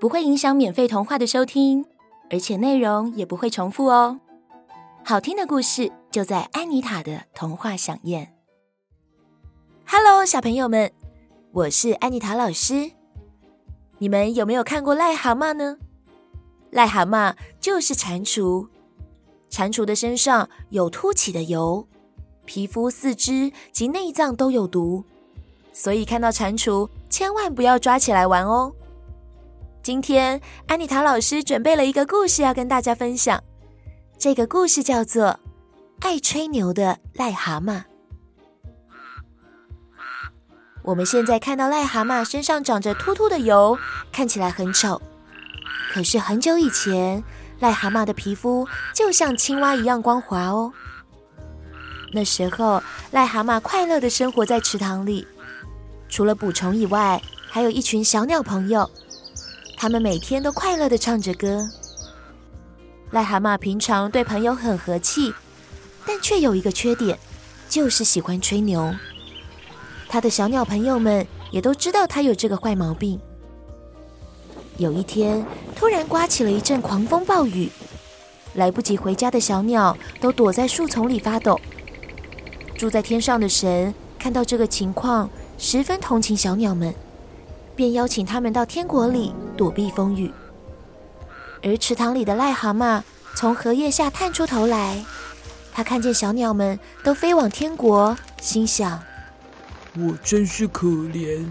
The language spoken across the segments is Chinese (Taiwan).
不會影響免費童話的收聽，而且內容也不會重複哦。好聽的故事就在安妮塔的童話饗宴。Hello，小朋友們，我是安妮塔老師。你們有沒有看過癩蛤蟆呢？癩蛤蟆就是蟾蜍，蟾蜍的身上有凸起的疣，皮膚、四肢及內臟都有毒，所以看到蟾蜍千萬不要抓起來玩哦。今天安妮塔老師準備了一個故事要跟大家分享，這個故事叫做《愛吹牛的癩蛤蟆》。我們現在看到癩蛤蟆身上長着突突的疣，看起來很醜。可是很久以前，癩蛤蟆的皮膚就像青蛙一樣光滑哦。那時候，癩蛤蟆快樂的生活在池塘裡，除了捕蟲以外，還有一群小鳥朋友。他們每天都快樂地唱着歌。癩蛤蟆平常對朋友很和氣，但卻有一個缺點，就是喜歡吹牛。他的小鳥朋友們也都知道他有這個壞毛病。有一天，突然颳起了一陣狂風暴雨，來不及回家的小鳥都躲在樹叢裡發抖。住在天上的神看到這個情況，十分同情小鳥們，便邀請他們到天國裡。躲避風雨，而池塘裡的癩蛤蟆從荷葉下探出頭來，它看見小鳥們都飛往天國，心想：我真是可憐，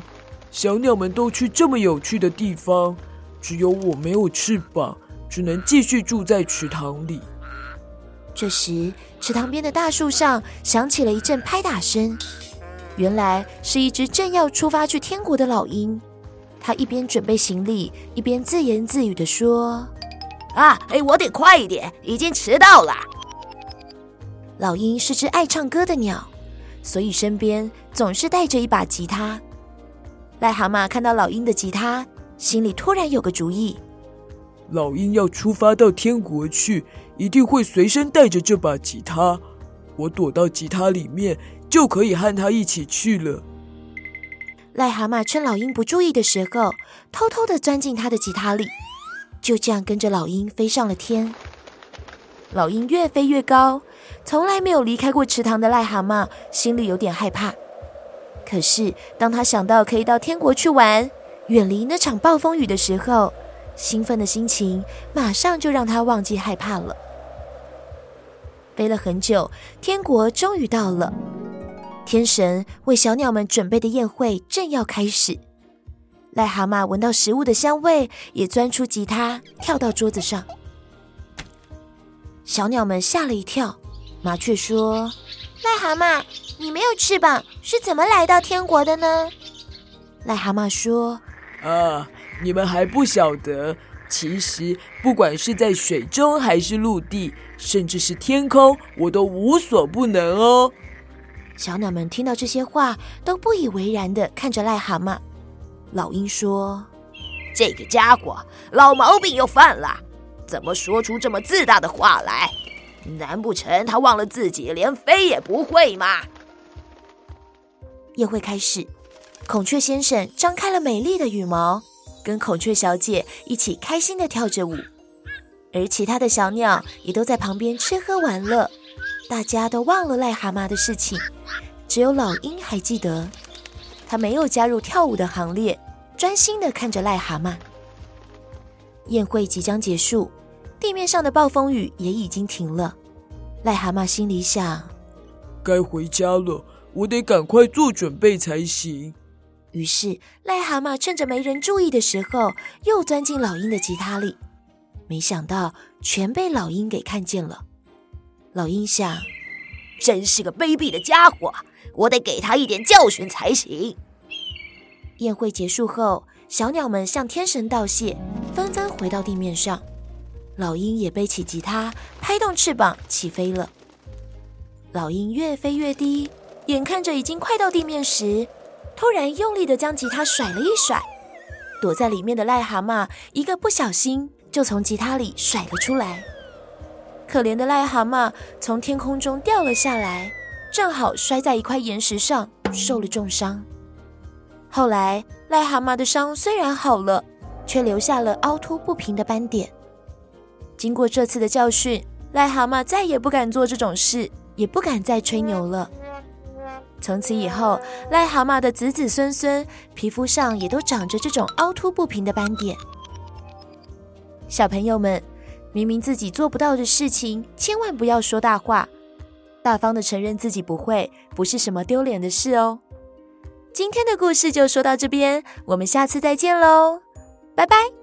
小鳥們都去這麼有趣的地方，只有我沒有翅膀，只能繼續住在池塘裡。這時，池塘邊的大樹上響起了一陣拍打聲，原來是一隻正要出發去天國的老鷹。他一邊準備行李，一邊自言自語地說：“啊，哎，我得快一點，已經遲到了。”老鷹是只愛唱歌的鳥，所以身邊總是帶着一把吉他。癩蛤蟆看到老鷹的吉他，心裡突然有個主意：老鷹要出發到天國去，一定會隨身帶着這把吉他。我躲到吉他裡面，就可以和他一起去了。癩蛤蟆趁老鷹不注意的時候，偷偷地鑽進他的吉他裡，就這樣跟着老鷹飛上了天。老鷹越飛越高，從來沒有離開過池塘的癩蛤蟆心裡有點害怕。可是，當他想到可以到天國去玩，遠離那場暴風雨的時候，興奮的心情馬上就讓他忘記害怕了。飛了很久，天國終於到了。天神為小鳥們準備的宴會正要開始，癩蛤蟆聞到食物的香味，也鑽出吉他，跳到桌子上。小鳥們嚇了一跳，麻雀說：“癩蛤蟆，你沒有翅膀，是怎麼來到天國的呢？”癩蛤蟆說：“啊，你們還不曉得，其實不管是在水中還是陸地，甚至是天空，我都無所不能哦。”小鳥們聽到這些話，都不以為然的看着癩蛤蟆。老鷹說：“這個傢伙老毛病又犯了，怎麼說出這麼自大的話來？難不成他忘了自己連飛也不會嗎？”宴會開始，孔雀先生張開了美麗的羽毛，跟孔雀小姐一起開心的跳着舞，而其他的小鳥也都在旁邊吃喝玩樂。大家都忘了癩蛤蟆的事情，只有老鷹還記得。他沒有加入跳舞的行列，專心地看着癩蛤蟆。宴會即將結束，地面上的暴風雨也已經停了。癩蛤蟆心裡想：該回家了，我得趕快做準備才行。於是，癩蛤蟆趁着沒人注意的時候，又鑽進老鷹的吉他裡，沒想到全被老鷹給看見了。老鷹想，真是個卑鄙的家伙，我得給他一點教訓才行。宴會結束後，小鳥們向天神道謝，紛紛回到地面上。老鷹也背起吉他，拍動翅膀起飛了。老鷹越飛越低，眼看着已經快到地面時，突然用力的將吉他甩了一甩，躲在裡面的癩蛤蟆一個不小心就從吉他裡甩了出來。可憐的癩蛤蟆從天空中掉了下來，正好摔在一塊岩石上，受了重傷。後來，癩蛤蟆的傷雖然好了，卻留下了凹凸不平的斑點。經過這次的教訓，癩蛤蟆再也不敢做這種事，也不敢再吹牛了。從此以後，癩蛤蟆的子子孫孫皮膚上也都長着這種凹凸不平的斑點。小朋友們。明明自己做不到的事情，千萬不要說大話。大方的承認自己不會，不是什麼丟臉的事哦。今天的故事就說到這邊，我們下次再見嘍，拜拜。